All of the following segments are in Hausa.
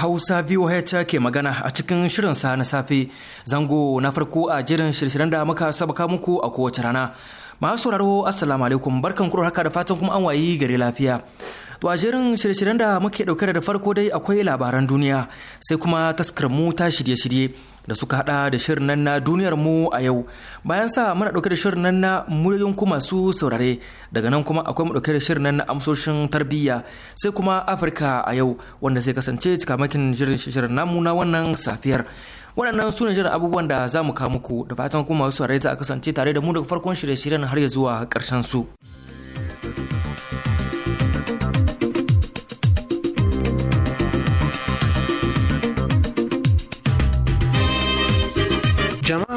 Hausa VOH ke magana a cikin shirin sa na safe zango na farko a jirin shirye-shiryen da muka sabaka muku a kowace rana. Masu sauraro Assalamu alaikum barkan kuro haka da fatan kuma an wayi gari lafiya. To a jerin shirye-shiryen da muke dauke da farko dai akwai labaran duniya sai kuma taskar mu ta shirye-shirye da suka hada da shirin nan na duniyar mu a yau bayan sa muna dauke da shirin nan na muryoyin ku masu saurare daga nan kuma akwai mu dauke da shirin nan na amsoshin tarbiyya sai kuma afirka a yau wanda zai kasance cikamakin shirin shirin namu na wannan safiyar waɗannan su ne jiran abubuwan da za mu kawo muku da fatan kuma masu saurare za a kasance tare da mu daga farkon shirye-shiryen har ya zuwa karshen su.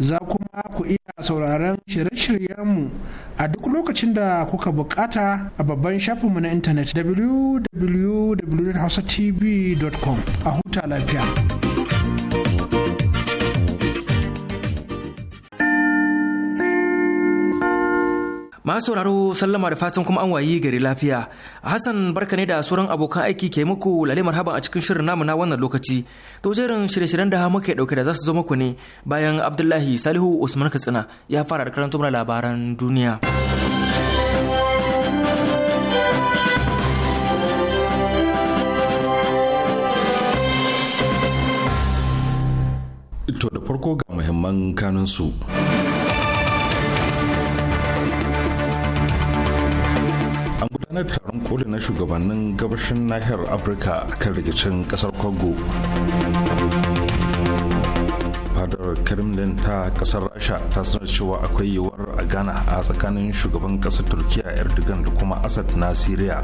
za kuma ku iya sauraron shirye-shiryenmu a duk lokacin da kuka bukata a babban shafinmu na intanet www.hausatv.com a huta lafiya. Masu sauraro sallama da fatan kuma an wayi gari lafiya. Hassan barka ne da sauran abokan aiki ke muku lalle marhaban a cikin shirin namu na wannan lokaci. To jerin shirye-shiryen da muke dauke da za su zo muku ne bayan Abdullahi Salihu Usman Katsina ya fara da karanta labaran duniya. To da farko ga muhimman kanunsu. su. gudanar taron koli na shugabannin gabashin nahiyar afirka kan rikicin kasar congo fadar kremlin ta kasar rasha ta sanar cewa akwai yiwuwar a ghana a tsakanin shugaban kasar turkiya erdogan da kuma asad na syria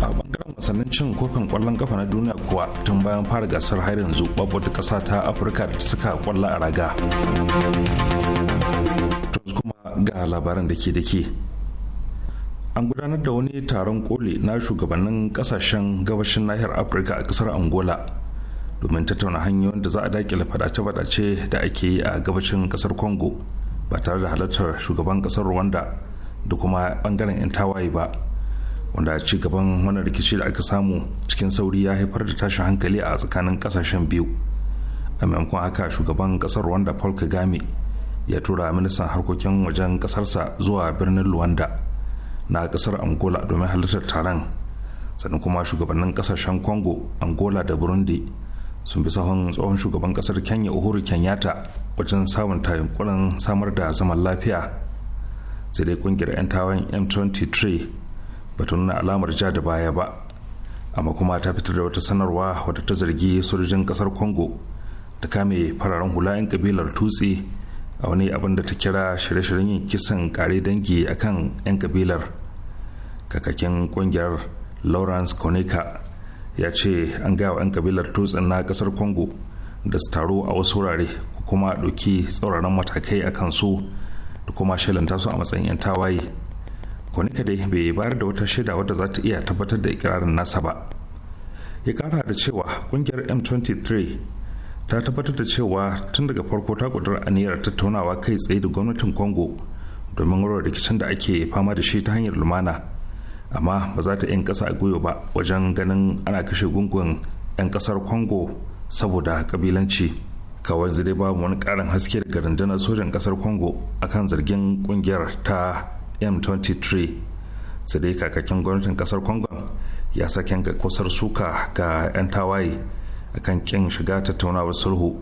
a bangaren wasannin cin kofin kwallon kafa na duniya kuwa tun bayan fara gasar har yanzu babu wata kasa ta afirka da suka kwalla a raga kuma ga labaran da ke da ke an gudanar da wani taron koli na shugabannin kasashen gabashin nahiyar afirka a kasar angola domin tattauna hanyoyin da za a dakile fadace-fadace da ake yi a gabashin kasar congo ba tare da halartar shugaban kasar rwanda da kuma bangaren 'yan tawaye ba wanda ci gaban wani rikici da aka samu cikin sauri ya haifar da tashin hankali a tsakanin kasashen biyu a maimakon haka shugaban kasar rwanda paul kagame ya tura ministan harkokin wajen kasarsa zuwa birnin luwanda na kasar angola domin halartar taron sannan kuma shugabannin kasashen congo angola da burundi sun bi sahun tsohon shugaban kasar kenya uhuru kenyatta wajen sabunta yunkurin samar da zaman lafiya sai dai kungiyar 'yan tawon m23 ba ta nuna alamar ja da baya ba amma kuma ta fitar da wata sanarwa wadda ta zargi sojojin kasar congo da kame fararen hula 'yan kabilar tutsi a wani abin da ta kira shirye-shiryen yin kisan kare dangi akan 'yan kabilar kakakin kungiyar lawrence koneka ya ce an gaya 'yan kabilar tutsin na kasar congo da su taru a wasu wurare kuma ɗauki tsauraran matakai a kansu da kuma shalanta su a matsayin 'yan tawaye koneka dai bai bayar da wata shaida wadda za ta iya tabbatar da ikirarin nasa ba ya kara da cewa kungiyar m23 ta tabbatar da cewa tun daga farko ta kudur aniyar tattaunawa kai tsaye da gwamnatin congo domin warware rikicin da ake fama da shi ta hanyar lumana amma ba za ta yin kasa a goyo ba wajen ganin ana kashe gungun 'yan kasar congo saboda kabilanci kawai zai babu wani karin haske daga rundunar sojan ƙasar congo akan zargin kungiyar ta m23 sai dai kakakin gwamnatin kasar congo ya saken ga kusar suka ga 'yan tawaye kan kin shiga tattaunawar sulhu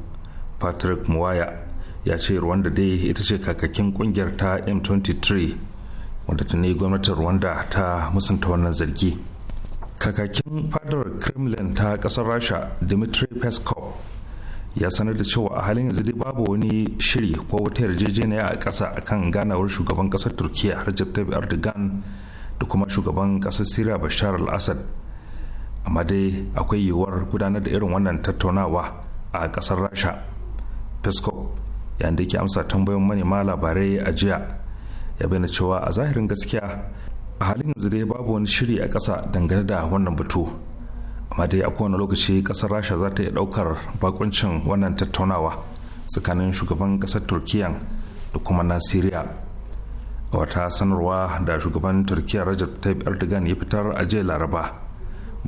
patrick muwaya ya ce rwanda dai ita ce kakakin kungiyar ta m23 wanda tuni gwamnatin rwanda ta musanta wannan zargi kakakin fadar kremlin ta kasar rasha dmitry peskov ya sanar da cewa a halin yanzu dai babu wani shiri ko wata yarjejeniya a ƙasa akan ganawar shugaban ƙasar turkiya rajab tayyip erdogan da kuma shugaban ƙasar syria bashar al-assad amma dai akwai yiwuwar gudanar da irin wannan tattaunawa a ƙasar rasha peskov yayin da ke amsa tambayoyin manema labarai a jiya ya bayyana cewa a zahirin gaskiya a halin yanzu dai babu wani shiri a ƙasa dangane da wannan batu amma dai a kowane lokaci ƙasar rasha za ta iya ɗaukar bakuncin wannan tattaunawa tsakanin shugaban ƙasar turkiyya da kuma na siriya a wata sanarwa da shugaban turkiya rajab tayyip erdogan ya fitar a jiya laraba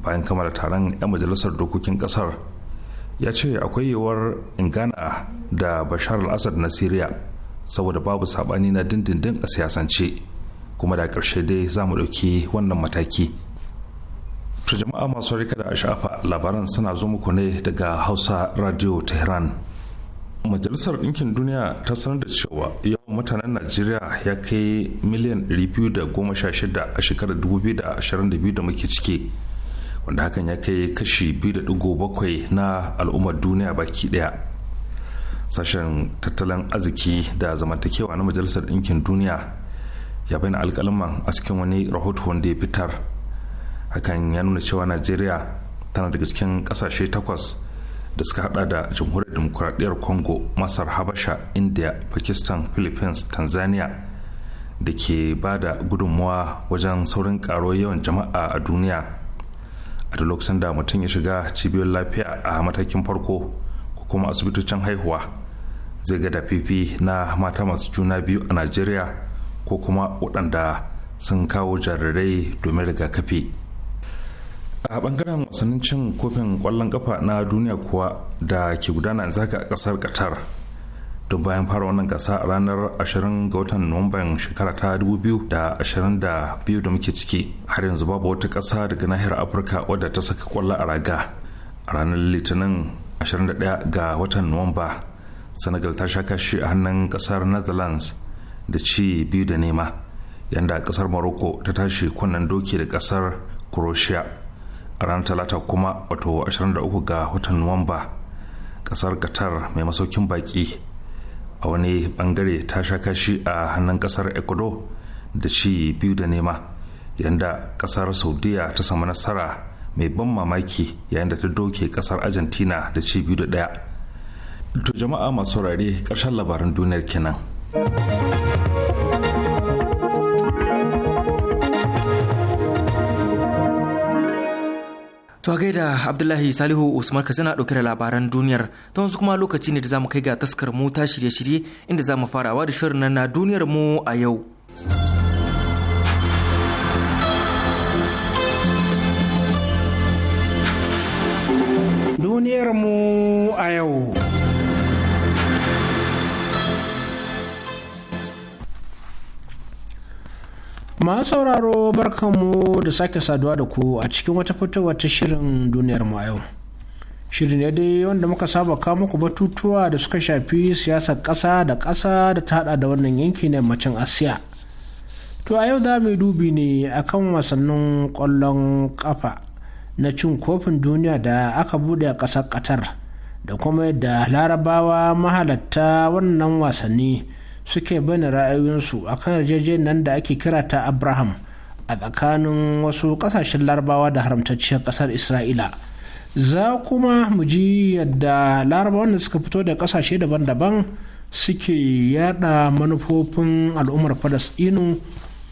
bayan kammala taron 'yan majalisar dokokin ƙasar ya ce akwai yiwuwar ingana da bashar al-assad na siriya saboda babu saɓani na dindindin a siyasance kuma da ƙarshe dai za mu ɗauki wannan mataki to jama'a masu rika da sha'afa labaran suna zo muku ne daga hausa radio tehran majalisar ɗinkin duniya ta sanar da cewa yawan mutanen najeriya ya kai miliyan 216 a shekarar 2022 da muke ciki wanda hakan ya kai kashi 2.7 na al'ummar duniya baki ɗaya sashen tattalin arziki da zamantakewa na majalisar ɗinkin duniya ya bayyana alƙalman a cikin wani rahoto wanda ya fitar hakan ya nuna cewa najeriya tana daga cikin ƙasashe takwas da suka hada da jamhuriyar demokuraɗiyyar congo masar habasha india pakistan philippines tanzania da ke ba da gudunmuwa wajen saurin karo yawan jama'a a duniya a da lokacin da mutum ya shiga cibiyar lafiya a matakin farko ko kuma asibitocin haihuwa zai ga dafifi na mata masu juna biyu a najeriya ko kuma waɗanda sun kawo jarirai domin rigakafi a bangaren wasannin cin kofin ƙwallon ƙafa na duniya kuwa da ke gudana zaka a ƙasar qatar don bayan fara wannan gasa a ranar 20 ga watan nuwamban shekara ta 2022 da muke ciki har yanzu babu wata ƙasa daga nahiyar afirka wadda ta saka kwallo a raga a ranar litinin 21 ga watan nuwamba senegal ta sha kashi a hannun kasar netherlands da ci biyu da nema yadda kasar morocco ta tashi kunnen doki da kasar croatia a ranar talata kuma wato 23 ga watan nuwamba kasar qatar mai masaukin baki a wani bangare ta sha kashi a hannun kasar ecuador da ci biyu da nema yadda kasar saudiya ta samu nasara mai ban mamaki yayin da ta doke kasar argentina da ci biyu da daya To jama'a masu saurare ƙarshen labaran duniyar kenan. To gaida Abdullahi Salihu Usman ka zana ɗauke da labaran duniyar ta wasu kuma lokaci ne da zamu kai ga taskar mu ta shirye-shirye inda zamu mu farawa da shirin na duniyar mu a yau. Duniyar mu a yau. masu sauraro barkanmu da sake saduwa da ku a cikin wata fitowa ta shirin duniyar mu yau shirin ne dai wanda muka saba kawo muku batutuwa da suka shafi siyasar ƙasa da ƙasa da ta hada da wannan yanki na yammacin asiya to a yau za mu dubi ne akan wasannin ƙwallon ƙafa na cin kofin duniya da aka bude a ƙasar qatar da kuma yadda larabawa mahalatta wannan wasanni suke bani ra'ayoyinsu a kan yarjejeniyar da ake kira ta abraham a tsakanin wasu kasashen larabawa da haramtacciyar kasar isra'ila za kuma mu ji yadda larabawan da suka fito da kasashe daban-daban suke yada manufofin al'ummar falasɗinu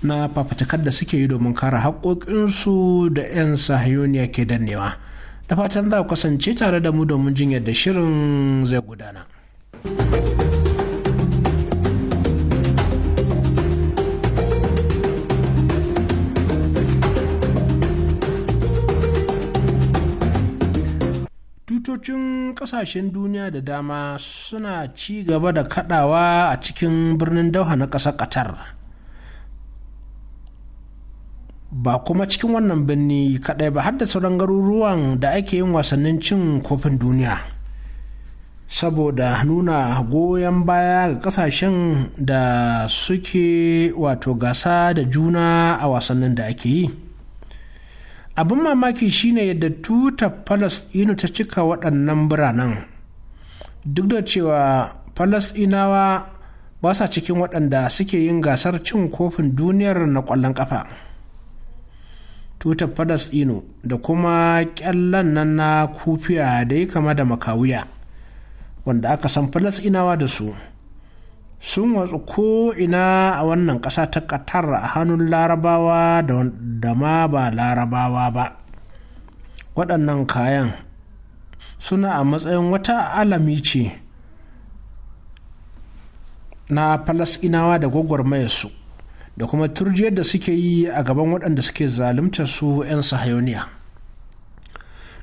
na fafatakar da suke yi domin kare haƙoƙinsu da 'yan sahiyoniya ke dannewa da fatan za ku kasance tare da mu domin jin yadda shirin zai gudana. Gwamnatocin kasashen duniya da dama suna ci gaba da kaɗawa a cikin birnin Dauha na ƙasar Qatar. Ba kuma cikin wannan birni kadai ba har da sauran garuruwan da ake yin wasannin cin kofin duniya. saboda nuna goyon baya ga kasashen da suke wato gasa da juna a wasannin da ake yi abin mamaki shine yadda tuta palestino ta cika waɗannan biranen duk da cewa palestinawa ba sa cikin waɗanda suke yin gasar cin kofin duniyar na ƙwallon ƙafa tuta palestino da kuma ƙyallen nan na kufiya da ya kama da makawuya wanda aka san palestinawa da su sun watsu ko'ina a wannan ƙasa ta ƙatar a hannun larabawa da ma ba larabawa ba waɗannan kayan suna a matsayin wata alami ce na falasinawa da gwagwarmayarsu da kuma turjiyar da suke yi a gaban waɗanda suke zaluntar su 'yan sahayoniya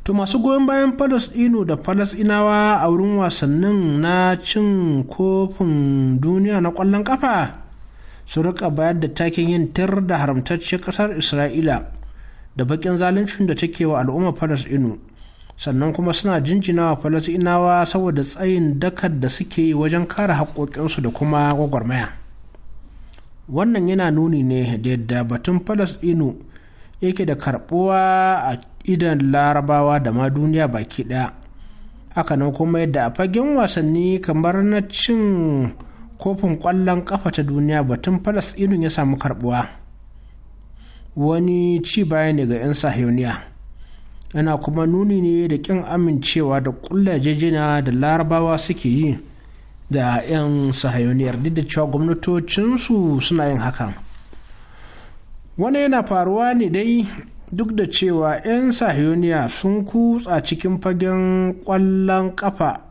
to masu goyon bayan falasɗinu da falasɗinawa a wurin wasannin na cin kofin duniya na ƙwallon ƙafa su rika bayar da takin yin tir da haramtaccen ƙasar isra'ila da baƙin zaluncin da take wa al'ummar falasɗinu sannan kuma suna jinjinawa wa falasɗinawa saboda tsayin dakar da suke yi wajen kare haƙoƙinsu da kuma gwagwarmaya wannan yana nuni ne da yadda batun falasɗinu yake da karɓuwa a idan larabawa da ma duniya baki ɗaya hakanan kuma yadda a fagen wasanni kamar na cin kofin ƙwallon ƙafa ta duniya batun falasɗinu ya samu karbuwa wani ci baya ne ga 'yan sahiyoniya yana kuma nuni ne da ƙin amincewa da ƙulla jejina da larabawa suke yi da 'yan sahayoniyar duk da cewa gwamnatocinsu suna yin hakan wani yana faruwa ne dai duk da cewa 'yan sahiyoniya sun kutsa cikin fagen ƙwallon ƙafa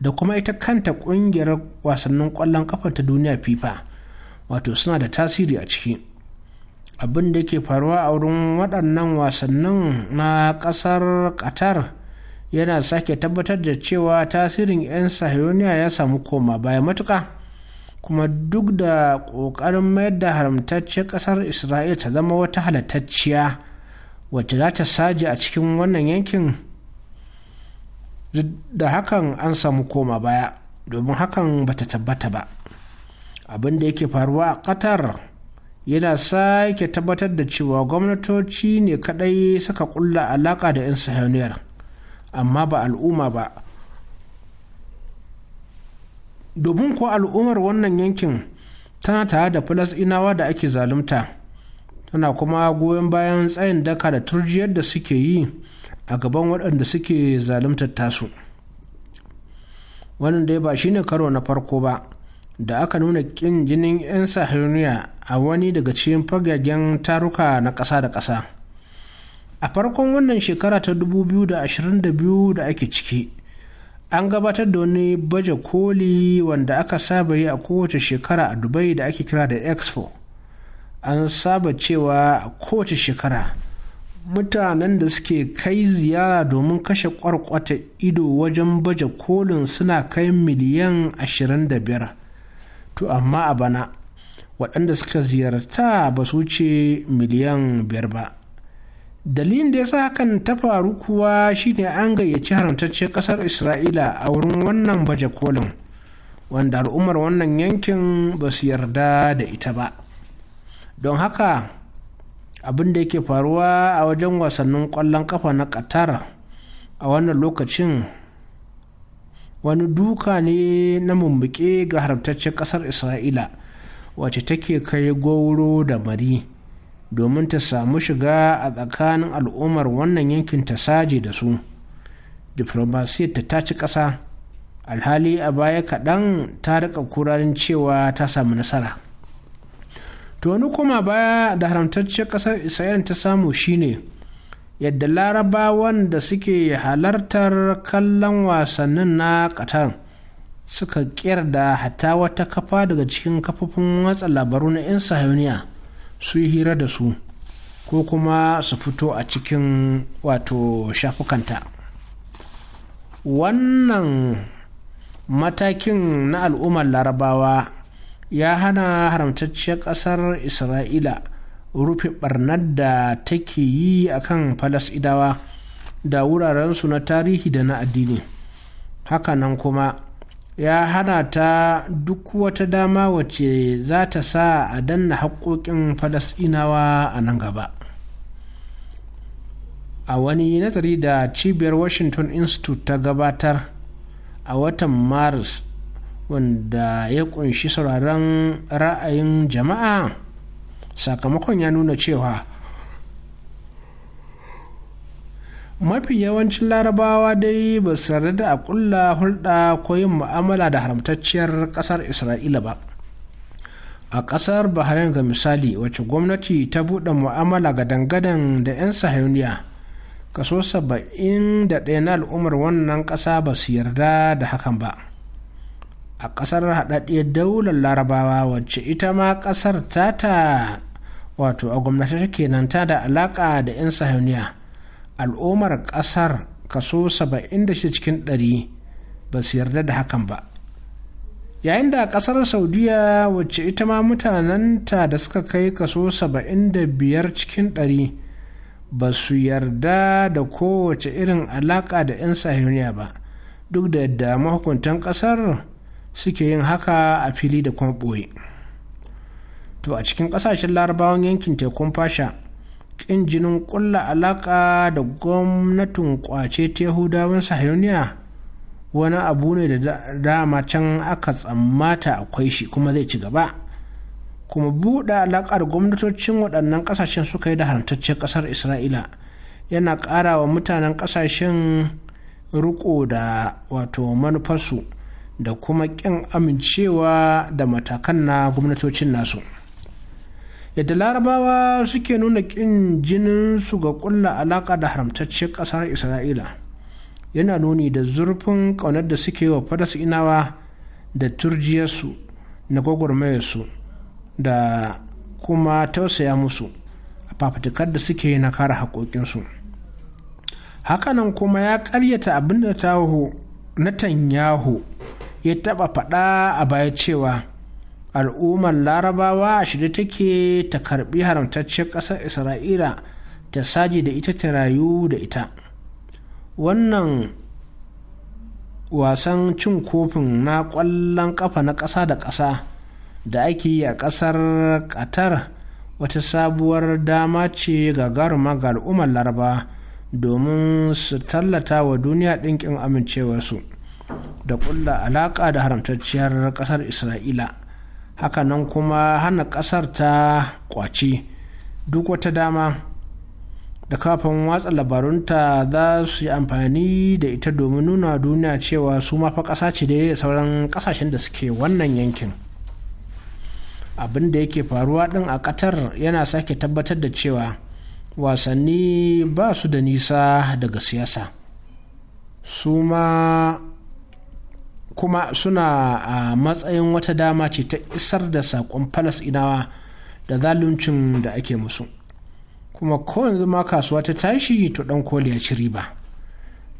da kuma ita kanta ƙungiyar wasannin ƙwallon ƙafa ta duniya fifa wato suna da tasiri a ciki abin da ke faruwa a wurin waɗannan wasannin na ƙasar qatar yana sake tabbatar da cewa tasirin 'yan sahiyoniya ya samu koma baya matuka kuma duk da ƙoƙarin mayar da haramtacciyar ƙasar isra'ila ta zama wata halattacciya wacce za ta saji a cikin wannan yankin da hakan an samu koma baya domin hakan ba ta tabbata ba abin da yake faruwa a qatar yana sake tabbatar da cewa gwamnatoci ne kadai suka kulla alaka da 'yan sahaniyar amma ba al'umma ba domin ko al'ummar wannan yankin tana tare da inawa da ake zalunta tana kuma goyon bayan tsayin daka da turjiyar da suke yi a gaban waɗanda suke zaluntar tasu wannan dai ba shine karo na farko ba da aka nuna ƙin jinin 'yan sahiyoniya a wani daga cikin fagagen taruka na ƙasa da ƙasa a farkon wannan shekara ta 2022 da ake ciki an gabatar da wani baje koli wanda aka saba yi a kowace shekara a dubai da ake kira da expo an saba cewa kowace shekara mutanen da suke kai ziyara domin kashe kwarkwata ido wajen baje kolin suna kai miliyan 25 to amma a bana waɗanda suka ziyarta ba su ce miliyan 5 ba dalilin da ya sa hakan ta faru kuwa shine an gayyaci haramtaccen ƙasar isra'ila a wurin wannan baje kolin wanda al'ummar wannan yankin ba su yarda da ita ba don haka abin da yake faruwa a wajen wasannin ƙwallon ƙafa na qatar a wannan lokacin wani duka ne na mummuke ga haramtaccen ƙasar isra'ila wacce take kai Goro da mari domin ta samu shiga a tsakanin al'ummar wannan yankin ta saje da su diflomasiyar ta taci ƙasa alhali a baya kaɗan ta riƙa kurarin cewa ta samu nasara to wani koma baya da haramtacciyar kasar isra'ila ta samu shine yadda larabawan da suke halartar kallon wasannin na qatar suka kiyar da hata wata kafa daga cikin kafofin watsa labaru na 'yan sahiyoniya su yi hira da su ko kuma su fito a cikin wato shafukanta wannan matakin na al'ummar larabawa ya hana haramtacciyar ƙasar isra'ila rufe barnar da take yi a kan falas'idawa da wurarensu na tarihi da na addini hakanan kuma ya hana ta duk wata dama wacce za ta sa a danna haƙoƙin falasɗinawa a nan gaba a wani nazari da cibiyar washington institute ta gabatar a watan maris wanda ya kunshi sauraron ra'ayin jama'a sakamakon ya nuna cewa mafi yawancin larabawa dai ba su yarda da a kulla hulɗa ko yin mu'amala da haramtacciyar ƙasar isra'ila ba a ƙasar bahrain ga misali wacce gwamnati ta buɗe mu'amala ga dangadan da 'yan sahiyoniya kaso 71 na al'ummar wannan ƙasa ba su yarda da hakan ba a ƙasar haɗaɗɗiyar daular larabawa wacce ita ma ƙasar tata wato a gwamnati kenan ta da alaƙa da 'yan sahuniya al'ummar ƙasar kaso 76 cikin 100 ba su yarda da hakan ba yayin da ƙasar saudiya wacce ita ma mutananta da suka kai kaso 75 cikin 100 ba su yarda da kowace irin alaƙa da 'yan sahuniya ba duk da yadda mahukuntan ƙasar suke yin haka a fili da kuma ɓoye to a cikin ƙasashen larabawan yankin tekun fasha ƙin jinin ƙulla alaƙa da gwamnatin ƙwace tehudawan sahiyoniya wani abu ne da dama can aka tsammata akwai shi kuma zai ci gaba kuma buɗe alaƙar gwamnatocin waɗannan ƙasashen suka yi da haramtaccen ƙasar isra'ila yana ƙara wa mutanen ƙasashen riko da wato manufarsu da kuma ƙin amincewa da matakan na gwamnatocin nasu yadda larabawa suke nuna ƙin su ga ƙulla alaƙa da haramtaccen ƙasar isra'ila yana nuni da zurfin ƙaunar da suke wa falasinawa da turjiyarsu na gwagwarmayarsu da kuma tausaya musu a fafatikar da suke na kare haƙoƙinsu hakanan kuma ya ƙaryata abin da na tanyahu ya taɓa faɗa a baya cewa al'ummar larabawa a shirye take ta karbi haramtaccen ƙasar isra'ila ta saji da ita ta rayu da ita wannan wasan cin kofin na ƙwallon ƙafa na ƙasa da ƙasa da ake yi a ƙasar qatar wata sabuwar dama ce gagaruma ga al'ummar larabawa domin su tallata wa duniya ɗinkin amincewarsu da ƙulla alaƙa da haramtacciyar ƙasar isra'ila hakanan kuma hana ƙasar ta ƙwace duk wata dama da kafin watsa labarunta za su yi amfani da ita domin nuna duniya cewa su mafa kasa ce da sauran ƙasashen da suke wannan yankin abin da yake faruwa din a ƙatar yana sake tabbatar da cewa wasanni ba su da nisa daga siyasa su ma kuma suna a matsayin wata dama ce ta isar da saƙon falasɗinawa da zaluncin da ake musu kuma ko yanzu ma kasuwa ta tashi to ɗan koli ya ci riba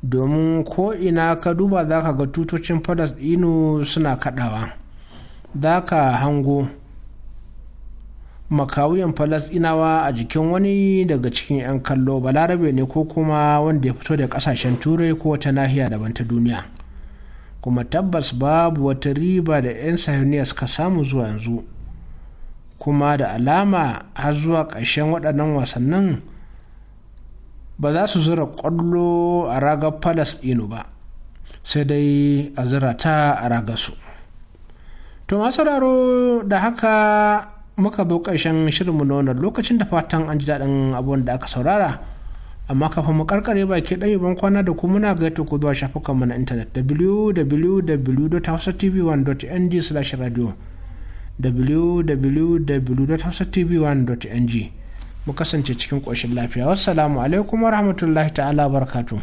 domin ko ina ka duba za ka ga tutocin falasɗinu suna kaɗawa za ka hango makawuyan falasɗinawa a jikin wani daga cikin 'yan kallo balarabe ne ko kuma wanda ya fito da ƙasashen turai ko wata nahiya daban ta duniya kuma tabbas babu wata riba da 'yan sahiyoniya suka samu zuwa yanzu kuma da alama har zuwa ƙarshen waɗannan wasannin ba za su zura ƙwallo a ragar palace ɗinu ba sai dai a zura ta a ragar su to masu raro da haka muka bi ƙarshen shirinmu na lokacin da fatan an ji daɗin abubuwan da aka saurara amma kafin mu karkare baki ɗaya ban kwana da ku muna gaita ku zuwa shafukan mu na intanet www.hausatv1.ng slash radio www.hausatv1.ng mu kasance cikin ƙoshin lafiya wassalamu alaikum warahmatullahi ta'ala barkatu.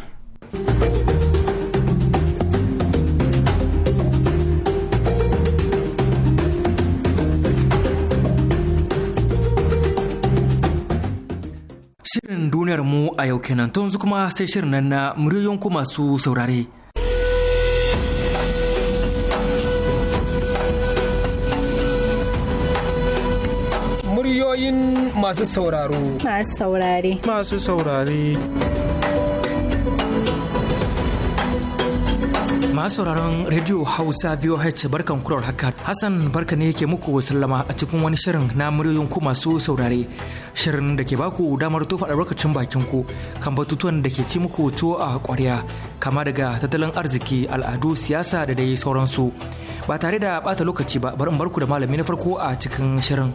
kenan to yanzu kuma sai shirin nan na muryoyin ku masu saurare. Muryoyin masu sauraro. Masu saurare. Masu saurare. masu sauraron Radio Hausa VOH barkan kurar haka. Hassan barka ne yake muku sallama a cikin wani shirin na muryoyin ku masu saurare. Shirin da ke baku damar tofa albarkacin bakin ku kan batutuwan da ke ci muku tuwo a ƙwarya kama daga tattalin arziki, al'adu, siyasa da dai sauransu. Ba tare da bata lokaci ba bari in barku da malami na farko a cikin shirin.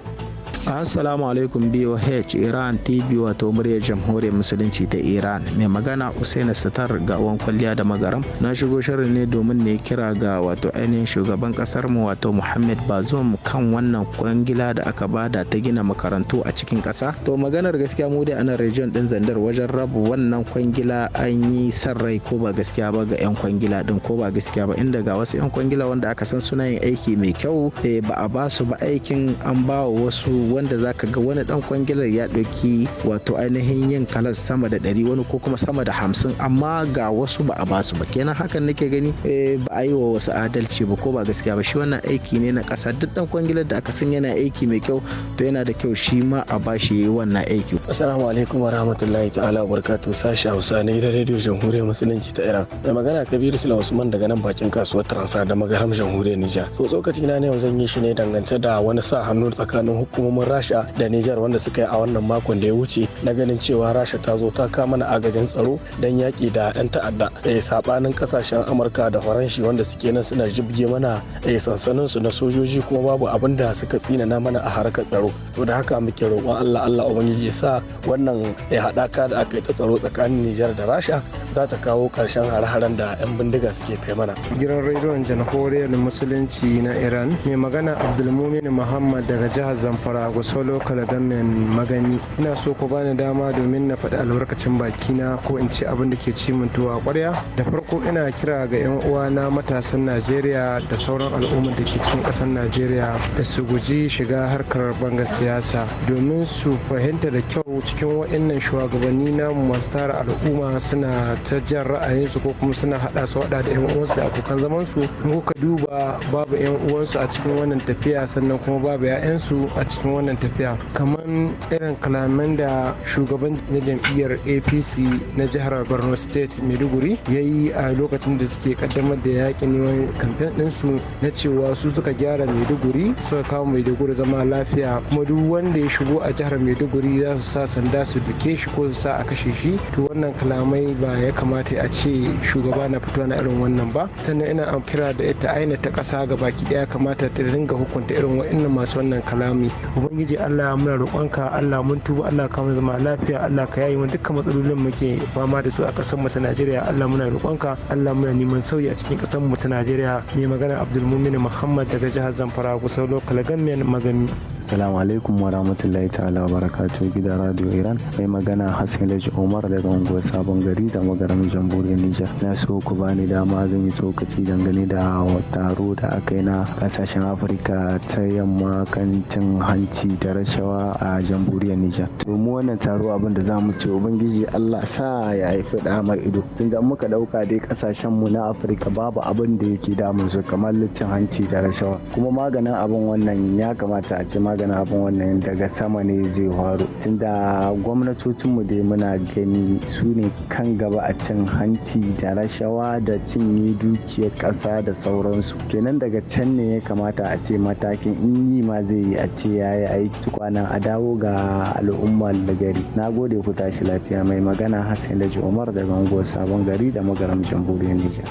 Assalamu alaikum BOH Iran TV wato muryar jamhuriyar musulunci ta Iran mai magana Usaina Satar ga uwan kwalliya da magaram na shigo shirin ne domin ne kira ga wato ainihin shugaban kasar mu wato Muhammad Bazoum kan wannan kwangila da aka bada ta gina makarantu a cikin kasa to maganar gaskiya mu dai ana region din Zandar wajen rabu wannan kwangila an yi san rai ko ba gaskiya ba ga yan kwangila din ko ba gaskiya ba inda ga wasu yan kwangila wanda aka san suna yin aiki mai kyau eh, ba a ba su ba aikin an ba wasu wanda zaka ga wani dan kwangilar ya ɗauki wato ainihin yin kalas sama da ɗari wani ko kuma sama da hamsin amma ga wasu ba a ba su ba kenan hakan nake gani eh, ba a yi wa wasu adalci ba ko ba gaskiya ba shi wannan aiki ne na kasa duk dan kwangilar da aka san yana aiki mai kyau to yana da kyau shi ma a bashi yayi wannan aiki assalamu alaikum wa rahmatullahi ta'ala wa barakatuh sashi Hausa ne da rediyo Jamhuriyar Musulunci ta Iran da magana kabiru Sula Usman daga nan bakin kasuwar Transa da magaram Jamhuriyar Nijar to tsokaci na ne zan yi shi ne dangance da wani sa hannu tsakanin hukumomi hukumar rasha da nijar wanda suka yi a wannan makon da ya wuce na ganin cewa rasha ta zo ta kama na agajin tsaro don yaki da 'yan ta'adda a eh, saɓanin ƙasashen amurka da faranshi wanda suke nan suna jibge mana a eh, sansanin su na sojoji kuma babu abin da suka tsinana mana a harkar tsaro to da haka muke roƙon allah allah ubangiji ya sa wannan ya eh, haɗaka da aka yi ta tsaro tsakanin nijar da rasha za ta kawo ƙarshen hare-haren da 'yan bindiga suke kai mana gidan rediyon janhoriyar musulunci na iran mai magana abdulmumin muhammad daga jihar zamfara gusolo kalagamen magani ina so ku bani dama domin na faɗi albarkacin bakina ko in ce abin da ke ci tuwa ƙwarya da farko ina kira ga 'yan uwa na matasan najeriya da sauran al'ummar da ke cikin ƙasar najeriya da su guji shiga harkar bangar siyasa domin su fahimta da kyau cikin waɗannan shugabanni na masu tara al'umma suna ta jan ra'ayinsu ko kuma suna haɗa su haɗa da 'yan uwansu da abokan zamansu in kuka duba babu 'yan uwansu a cikin wannan tafiya sannan kuma babu 'ya'yansu a cikin wannan tafiya kamar irin kalaman da shugaban na jam'iyyar apc na jihar borno state maiduguri ya yi a lokacin da suke kaddamar da yakin neman kamfen ɗinsu na cewa su suka gyara maiduguri suka kawo maiduguri zama lafiya kuma duk wanda ya shigo a jihar maiduguri za su sa sanda su duke shi ko su sa a kashe shi to wannan kalamai ba ya kamata a ce shugaba na fito na irin wannan ba sannan ina kira da ita aina ta kasa ga baki ɗaya kamata ta dinga hukunta irin wa'annan masu wannan kalami ubangiji Allah muna roƙonka Allah mun tuba Allah ka zama lafiya Allah ka yayi mun dukkan matsalolin muke fama da su a ƙasar mu ta Najeriya Allah muna roƙonka Allah muna neman sauyi a cikin ƙasar mu ta Najeriya mai magana Abdulmumin Muhammad daga jihar Zamfara kusa lokal gamen magami Assalamu alaikum wa rahmatullahi ta'ala wa barakatu gidan Radio Iran mai magana Hassan Laji Umar daga unguwar Sabon Gari da magaran Jamhuriyar Nijar. Na so ku bani dama zan yi tsokaci dangane da taro da aka yi na kasashen Afirka ta yamma kan cin hanci da rashawa a Jamhuriyar Nijar. To mu wannan taro abin da zamu ce Ubangiji Allah sa ya haifi da mai ido. da muka dauka dai kasashen mu na Afirka babu abin da yake damun su kamar cin hanci da rashawa. Kuma maganin abin wannan ya kamata a ce maganin abin wannan daga sama ne zai faru tunda gwamnatocinmu dai muna gani su ne kan gaba a cin hanci da rashawa da cinye dukiyar ƙasa da sauransu kenan daga can ne ya kamata a ce matakin in yi ma zai yi a ce ya yi aiki tukwanan a dawo ga al'umma da gari na gode ku tashi lafiya mai magana hassan laji umar daga unguwar sabon gari da magaram jamhuriyar nijar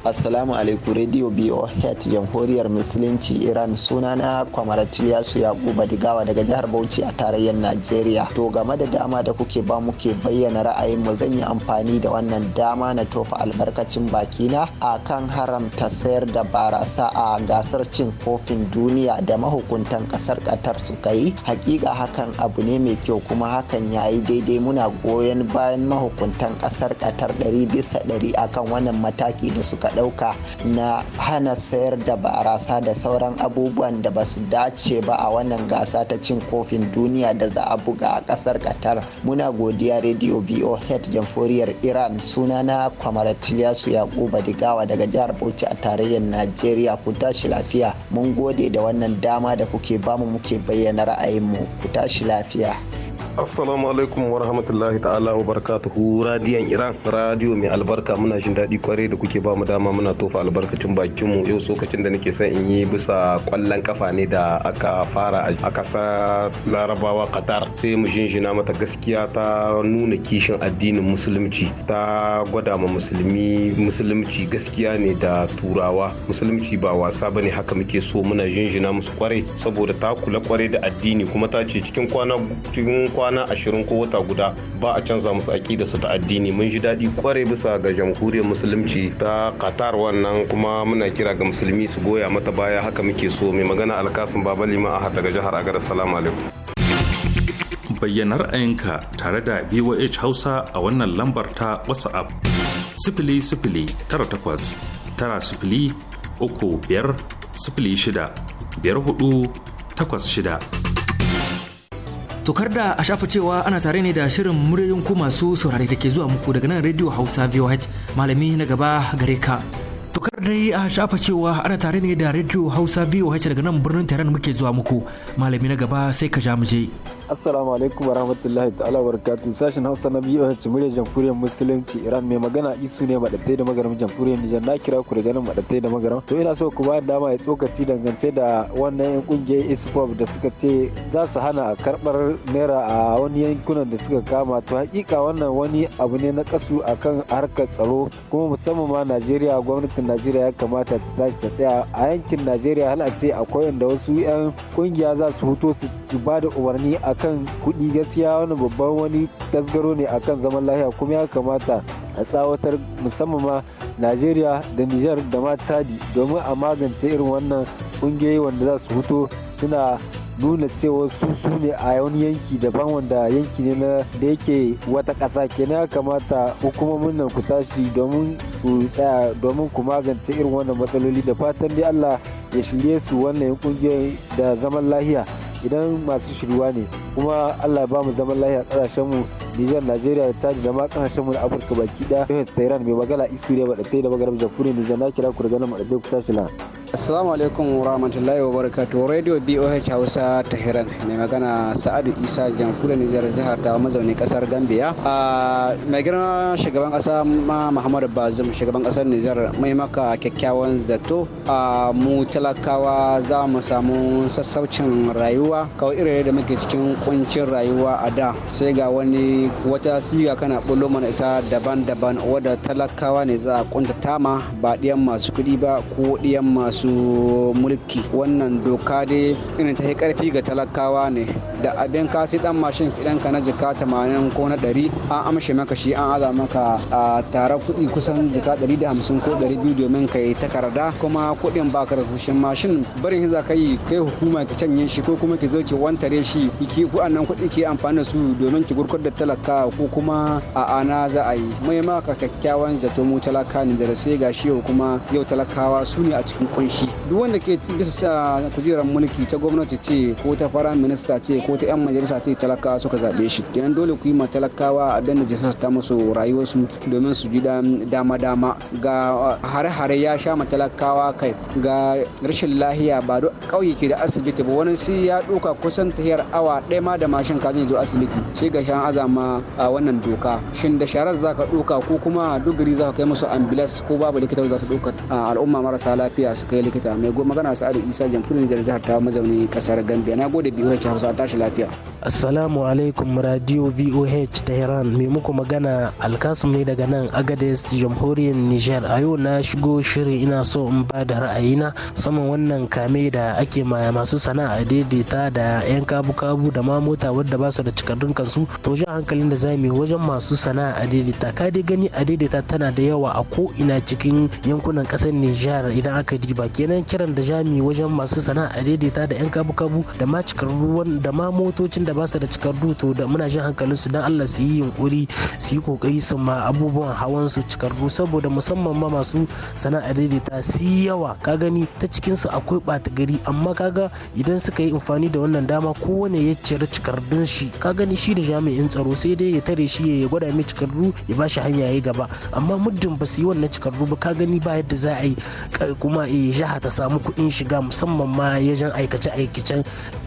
assalamu alaikum radio BOHET jamhuriyar musulunci iran suna na kwamaratiliyasu yakuba digawa daga jihar bauchi a tarayyar najeriya to game da dama da kuke ba muke bayyana ra'ayin mu zan yi amfani da wannan dama na tofa albarkacin na? a kan haramta sayar da barasa a gasar cin kofin duniya da mahukuntan kasar qatar suka yi hakika hakan abu ne mai kyau kuma hakan ya yi daidai muna goyon bayan mahukuntan kasar qatar ɗari bisa ɗari akan wannan mataki da suka ɗauka na hana sayar da barasa da sauran abubuwan da ba su dace ba a wannan gasa ta cin kofin duniya da za a buga a ƙasar qatar muna godiya radio voh jamhuriyar iran sunana kwamaratiliyasu yakuba digawa daga jihar bauchi a tarayyar najeriya ku tashi lafiya mun gode da wannan dama da kuke bamu muke bayyana ra'ayinmu ku tashi lafiya Assalamu alaikum wa rahmatullahi ta'ala wa barakatuhu radiyan Iran radio mai albarka muna jin daɗi kwarai da kuke ba mu dama muna tofa albarkacin bakin mu yau tsokacin da nake son in yi bisa kwallon kafa ne da aka fara a kasar Larabawa Qatar sai mu jinjina mata gaskiya ta nuna kishin addinin musulunci ta gwada ma musulmi musulunci gaskiya ne da turawa musulunci ba wasa ba ne haka muke so muna jinjina musu kwarai saboda ta kula kwarai da addini kuma ta ce cikin kwana cikin kwana ashirin ko wata guda ba a canza musu aƙida su ta addini mun ji daɗi kwarai bisa ga jamhuriyar musulunci ta qatar wannan kuma muna kira ga musulmi su goya mata baya haka muke so mai magana alkasin baba lima a daga jihar agadar salamu alaikum bayyana ayinka tare da voh hausa a wannan lambar ta whatsapp sifili sifili tara takwas tara sifili uku biyar sifili shida biyar hudu takwas shida tokar da a shafa cewa ana tare ne da shirin muryoyin ku masu saurari da ke zuwa muku daga nan rediyo hausa voh malami na gaba gare ka tokar dai a shafa cewa ana tare ne da rediyo hausa voh daga nan birnin tehran muke zuwa muku malami na gaba sai ka ja mu je Assalamu alaikum wa rahmatullahi ta'ala wa sashen Hausa na biyu wacce murya jamhuriyar musulunci Iran mai magana isu ne madatai da magaram jamhuriyar Nijar na kira ku daga ganin madatai da magaram to ina so ku bayar dama ya tsokaci dangance da wannan yan kungiyar ISPOP da suka ce za su hana karbar naira a wani yankunan da suka kama to hakika wannan wani abu ne na kasu akan harkar tsaro kuma musamman ma Najeriya gwamnatin Najeriya ya kamata ta tashi ta tsaya a yankin Najeriya hal a ce akwai inda wasu yan kungiya za su huto su ba da umarni a akan kuɗi gaskiya wani babban wani tasgaro ne akan zaman lafiya kuma ya kamata a tsawatar musamman ma najeriya da nijar da ma chadi domin a magance irin wannan ƙungiyoyi wanda za su fito suna nuna cewa su su ne a wani yanki daban wanda yanki ne na da yake wata ƙasa kenan ya kamata hukumomin nan ku tashi domin ku tsaya domin ku magance irin wannan matsaloli da fatan dai Allah ya shirye su wannan ƙungiyoyi da zaman lahiya idan masu shirwa ne kuma Allah ba mu zaman lafiya kasashen mu Nijar Najeriya da Chad da ma kasashen mu na Afirka baki da Yohannes Tehran mai magana isu ne ba da da magaram Jafuri Nijar na kira ku daga nan mu da ku tashi Assalamu alaikum wa rahmatullahi wa barakatuh. Radio BOH Hausa Tahiran mai magana Sa'adu Isa jamhuriyar Nijar jihar ta mazaunin kasar Gambia. mai girma shugaban kasa Muhammadu Bazum shugaban kasar Nijar mai maka kyakkyawan zato mu talakawa za mu samu sassaucin rayuwa kawai irin da muke cikin kuncin rayuwa a da sai ga wani wata siga kana bullo mana ita daban-daban wadda talakawa ne za a kuntata ma ba diyan masu kuɗi ba ko diyan masu masu mulki wannan doka dai irin ta karfi ga talakawa ne da abin ka sai dan mashin idan ka na jika 80 ko na 100 an amshe maka shi an aza maka a tara kuɗi kusan jika 150 ko 200 domin ka yi takarda kuma kuɗin ba ka da mashin barin za ka yi kai hukuma ka canye shi ko kuma ki zo ki wantare shi ki ku annan kuɗi ki amfani da su domin ki gurkur da talaka ko kuma a ana za a yi mai maka kyakkyawan zato mu talaka ne da sai gashi yau kuma yau talakawa su ne a cikin kun shi duk wanda ke bisa kujerar mulki ta gwamnati ce ko ta fara minista ce ko ta yan majalisa ta talakawa suka zaɓe shi kenan dole ku yi ma talakawa abin da jisa ta musu rayuwarsu domin su ji dama dama ga ah, hare-hare ya sha ma talakawa kai ga rashin lahiya ba duk ƙauye ke da asibiti ba wani sai ya ɗauka kusan tahiyar awa ɗaya ma da mashin ka zo asibiti sai ga shan azama a ah, wannan doka shin da sharar za ka ɗauka ko kuma duk gari za ka kai musu ambulance ko babu likita za ka a ah, al'umma marasa lafiya su kai ya likita mai goma magana sa'adu isa jamfurin zai zahar ta mazaunin kasar gambia na gode biyu hausa hausa tashi lafiya assalamu alaikum radio voh tehran mai muku magana alkasum ne daga nan agades jamhuriyar niger a yau na shigo shirin ina so in ba da ra'ayina saman wannan kame da ake ma masu sana'a a daidaita da yan kabu-kabu da ma mota wadda ba su da cikardun kansu to jan hankalin da zamu wajen masu sana'a a daidaita ka dai gani a daidaita tana da yawa a ko ina cikin yankunan kasar nijar idan aka diba kenan kiran da jami wajen masu sana'a daidaita da 'yan kabu-kabu da ma cikarru da ma motocin da ba su da cikarru to da muna jin su don allah su yi yunkuri su yi kokari su ma abubuwan hawan su cikarru saboda musamman ma masu sana'a daidaita su yawa ka gani ta cikin su akwai ɓata gari amma kaga idan suka yi amfani da wannan dama kowane ya cire cikardun shi ka gani shi da jami'in tsaro sai dai ya tare shi ya gwada mai cikarru ya bashi shi hanya ya gaba amma muddin ba su yi wannan cikarru ba ka gani ba yadda za a yi kuma eh, jiha ta samu kuɗin shiga musamman ma yajen aikace-aikacen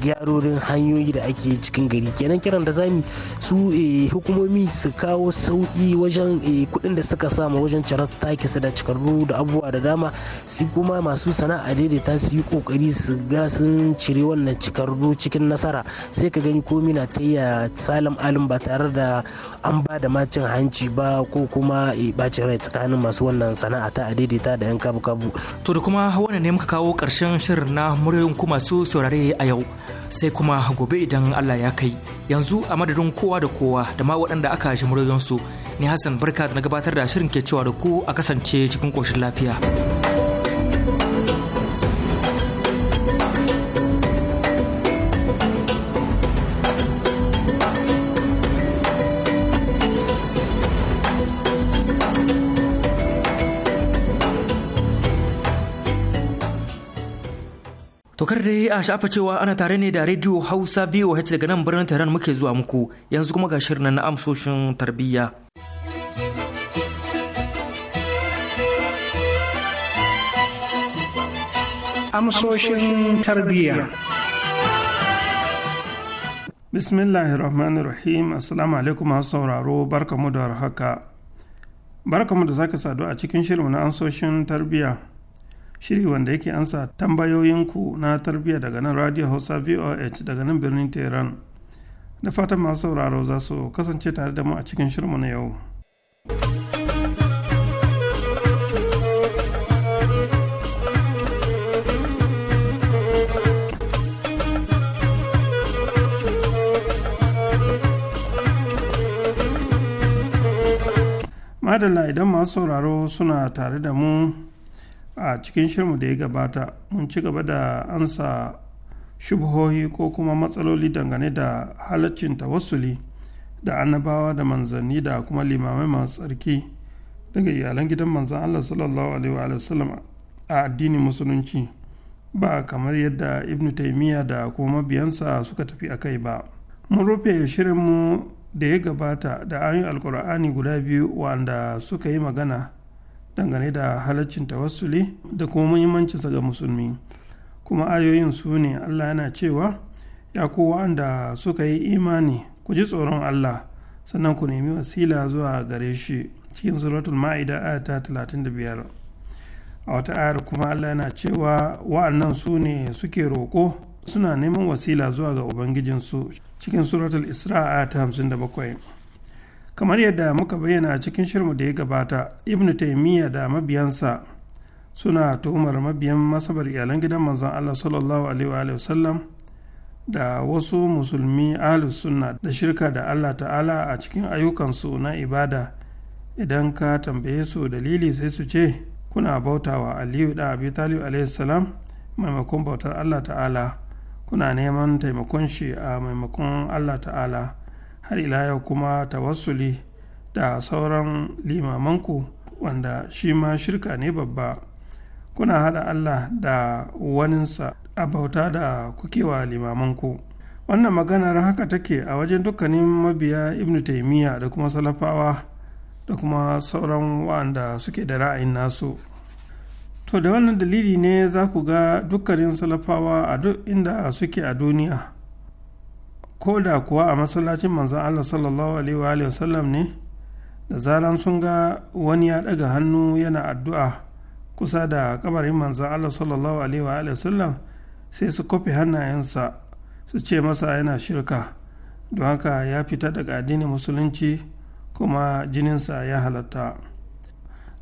gyarorin hanyoyi da ake cikin gari kenan kiran da zami su eh, hukumomi su kawo sauki wajen eh, kuɗin da suka sama wajen cirar takisa da cikarru da abubuwa da dama su kuma masu sana'a daidaita su yi ƙoƙari su ga sun cire wannan cikarru cikin nasara sai ka gani komi na yi salam alim ba tare da an ba da macin hanci ba ko kuma bacin eh, rai tsakanin masu wannan sana'a ta a daidaita da yan kabu-kabu. to da kuma wannan ne muka kawo ƙarshen shirin na muryoyin ku masu saurare a yau sai kuma gobe idan Allah ya kai yanzu a madadin kowa da kowa da ma waɗanda aka shi su ne Hassan barka da na gabatar da shirin ke cewa da ku a kasance cikin koshin lafiya. Kar dai a shafa cewa ana tare ne da Radio Hausa VOH daga nan birnin Tehran muke zuwa muku yanzu kuma ga shirin na amsoshin tarbiyya. Amsoshin tarbiyya. Bismillahir Rahmanir Rahim Assalamu alaikum masu sauraro barkamu da warhaka. Barkamu da zaka sadu a cikin shirin na amsoshin tarbiyya. shiri wanda yake ansa tambayoyinku na tarbiyya daga nan radio hausa voh daga nan birnin tehran da fatan masu sauraro za su kasance tare da mu a cikin shirmu na yau madalla idan masu sauraro suna tare da mu a cikin shirmu da ya gabata mun ci gaba da ansa shubhohi ko kuma matsaloli dangane da halaccin tawassuli da annabawa da manzanni da kuma limamai masu tsarki daga iyalan gidan manzan Allah sallallahu alaihi wa sallam a addinin musulunci ba kamar yadda ibnu taimiyya da kuma mabiyansa suka tafi a kai ba mun rufe shirinmu da ya gabata da ayoyin alkur'ani guda biyu wanda suka yi magana dangane da halaccin tawassuli da kuma muhimmancinsa ga musulmi kuma ayoyin su ne allah yana cewa ya kowa wanda suka yi imani ku ji tsoron allah sannan ku nemi wasila zuwa gare shi cikin suratul ma'ida ayata biyar. a wata ayar kuma allah yana cewa wa'annan su ne suke roƙo suna neman wasila zuwa ga ubangijinsu cikin suratul isra ayata 57 kamar yadda muka bayyana a cikin shirmu da ya gabata ibn taimiyya da mabiyansa suna tuhumar mabiyan masabar iyalan gidan manzon allah sallallahu alaihi wa da wasu musulmi ahlus sunna da shirka da allah ta'ala a cikin ayyukansu na ibada idan ka tambaye su dalili sai su ce kuna bauta wa aliyu da abi talib alaihi salam maimakon bautar allah ta'ala kuna neman taimakon shi a maimakon allah ta'ala har ila yau kuma tawassuli da sauran limamanku wanda shi ma shirka ne babba kuna hada Allah da waninsa a bauta da kukewa limamanku wannan maganar haka take a wajen dukkanin mabiya ibnu taimiyya da kuma salafawa da kuma sauran wa'anda suke da ra'ayin nasu to da wannan dalili ne za ku ga dukkanin salafawa a duk inda suke a duniya ko da kuwa a masallacin manzon Allah sallallahu alaihi wasallam ne da zaran sun ga wani ya ɗaga hannu yana addu'a kusa da kabarin manzon Allah sallallahu alaihi wasallam sai su kofi hannayensa su ce masa yana shirka don haka ya fita daga addinin musulunci kuma jininsa ya halatta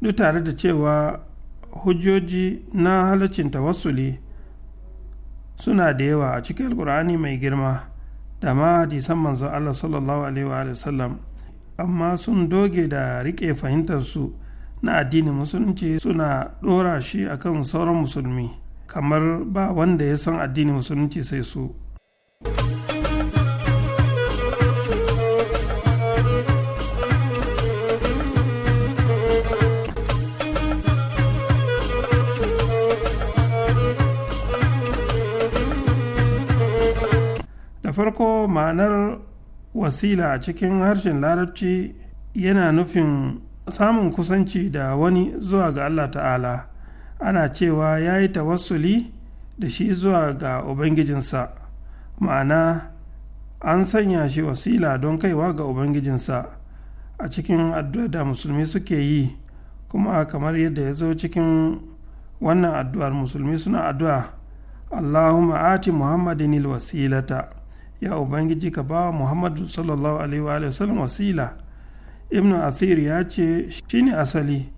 duk tare da cewa hujjoji na halaccin tawassuli suna da yawa a cikin alkur'ani mai girma da ma hadisan manzon Allah sallallahu alaihi wa amma sun doge da riƙe fahimtarsu na addinin musulunci suna ɗora shi akan sauran musulmi kamar ba wanda ya san addinin musulunci sai su. farko ma'anar wasila a cikin harshen larabci yana nufin samun kusanci da wani zuwa ga allah ta'ala ana cewa ya yi tawassuli da shi zuwa ga ubangijinsa ma'ana an sanya shi wasila don kaiwa ga ubangijinsa a cikin addu'a da musulmi suke yi kuma kamar yadda ya zo cikin wannan addu'ar musulmi suna addu'a allahumma ati muhammadin wasilata ya ubangiji ka ba muhammadu sallallahu alaihi wa sallam wasila ibn asir ya ce shine asali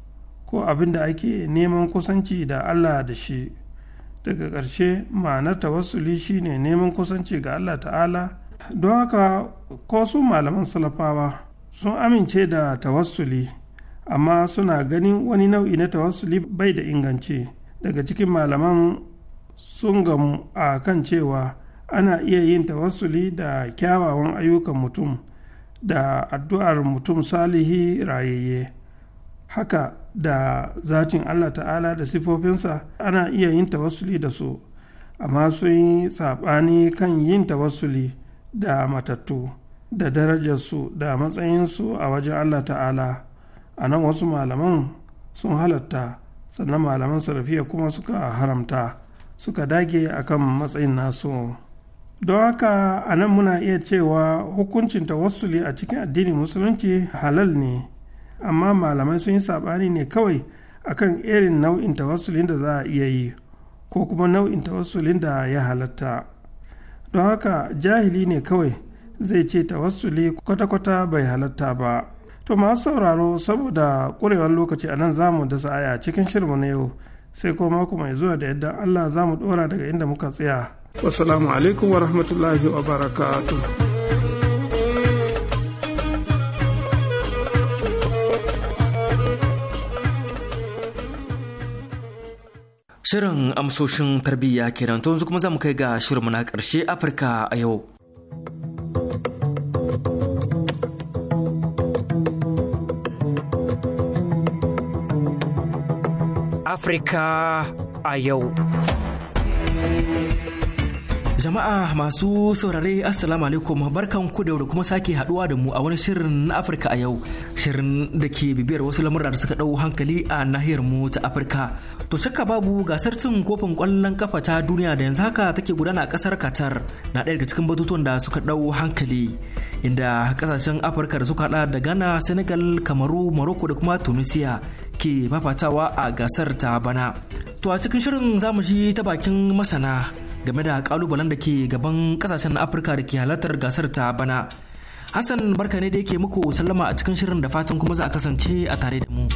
ko abin da ake neman kusanci da allah da shi daga ƙarshe ma'anar tawassuli shine neman kusanci ga allah ta'ala don haka ko su malaman salafawa sun amince da tawassuli amma suna ganin wani nau'i na tawassuli bai da inganci daga cikin malaman sun gamu a kan cewa ana iya yin tawassuli da kyawawan ayyukan mutum da addu'ar mutum salihi rayayye haka da zatin allah ta'ala da sifofinsa ana iya yin tawassuli da su amma sun yi saɓani kan yin tawassuli da matattu da darajarsu da matsayinsu a wajen allah ta'ala a nan wasu malaman sun halatta sannan malaman sarfiya kuma suka haramta suka dage akan matsayin nasu. don haka a nan muna iya cewa hukuncin tawassuli a cikin addinin musulunci halal ne amma malamai sun yi saɓani ne kawai akan irin nau'in tawassulin da za a iya yi ko kuma nau'in tawassulin da ya halatta don haka jahili ne kawai zai ce tawassuli kwata-kwata bai halatta ba to masu sauraro saboda ƙurewar lokaci a nan za mu dasa aya cikin shirmu na yau sai ko mako mai zuwa da yadda allah za mu ɗora daga inda muka tsaya wasalamu alaikum wa rahmatullahi wa barakatu. Shirin amsoshin tarbiyya kenan to yanzu kuma za mu kai ga shirin na ƙarshe Afirka a yau. Afirka a yau. Jama'a masu saurare Assalamu alaikum barkan ku da kuma sake haduwa da mu a wani shirin na Afirka a yau shirin da ke bibiyar wasu lamurra da suka dau hankali a nahiyar mu ta Afirka. To shakka babu gasar cin kofin kwallon kafa ta duniya da yanzu haka take gudana a kasar Qatar na ɗaya daga cikin batutuwan da suka dau hankali inda kasashen Afirka da suka hada da Ghana, Senegal, Kamaru, Morocco da kuma Tunisia ke fafatawa a gasar ta bana. To a cikin shirin zamu shi ta bakin masana game da kalubalen da ke gaban kasashen Afirka da ke halartar gasar ta bana. Hassan barka ne da yake muku sallama a cikin shirin da fatan kuma za a kasance a tare da mu.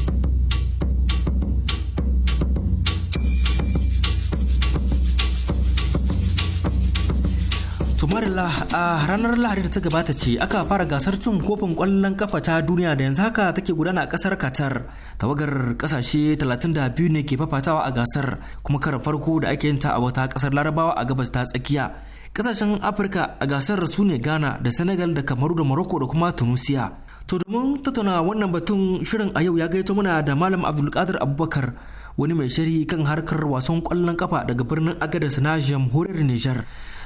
tumarila a ranar lahadi da ta gabata ce aka fara gasar cin kofin kwallon kafa ta duniya da yanzu haka take gudana a kasar qatar tawagar kasashe 32 ne ke fafatawa a gasar kuma karan farko da ake yin ta a wata kasar larabawa a gabas ta tsakiya kasashen afirka a gasar su ne ghana da senegal da kamaru da morocco da kuma tunisia to domin tattauna wannan batun shirin a yau ya gaito muna da malam abdulkadir abubakar wani mai sharhi kan harkar wasan kwallon kafa daga birnin agadez na jamhuriyar nijar.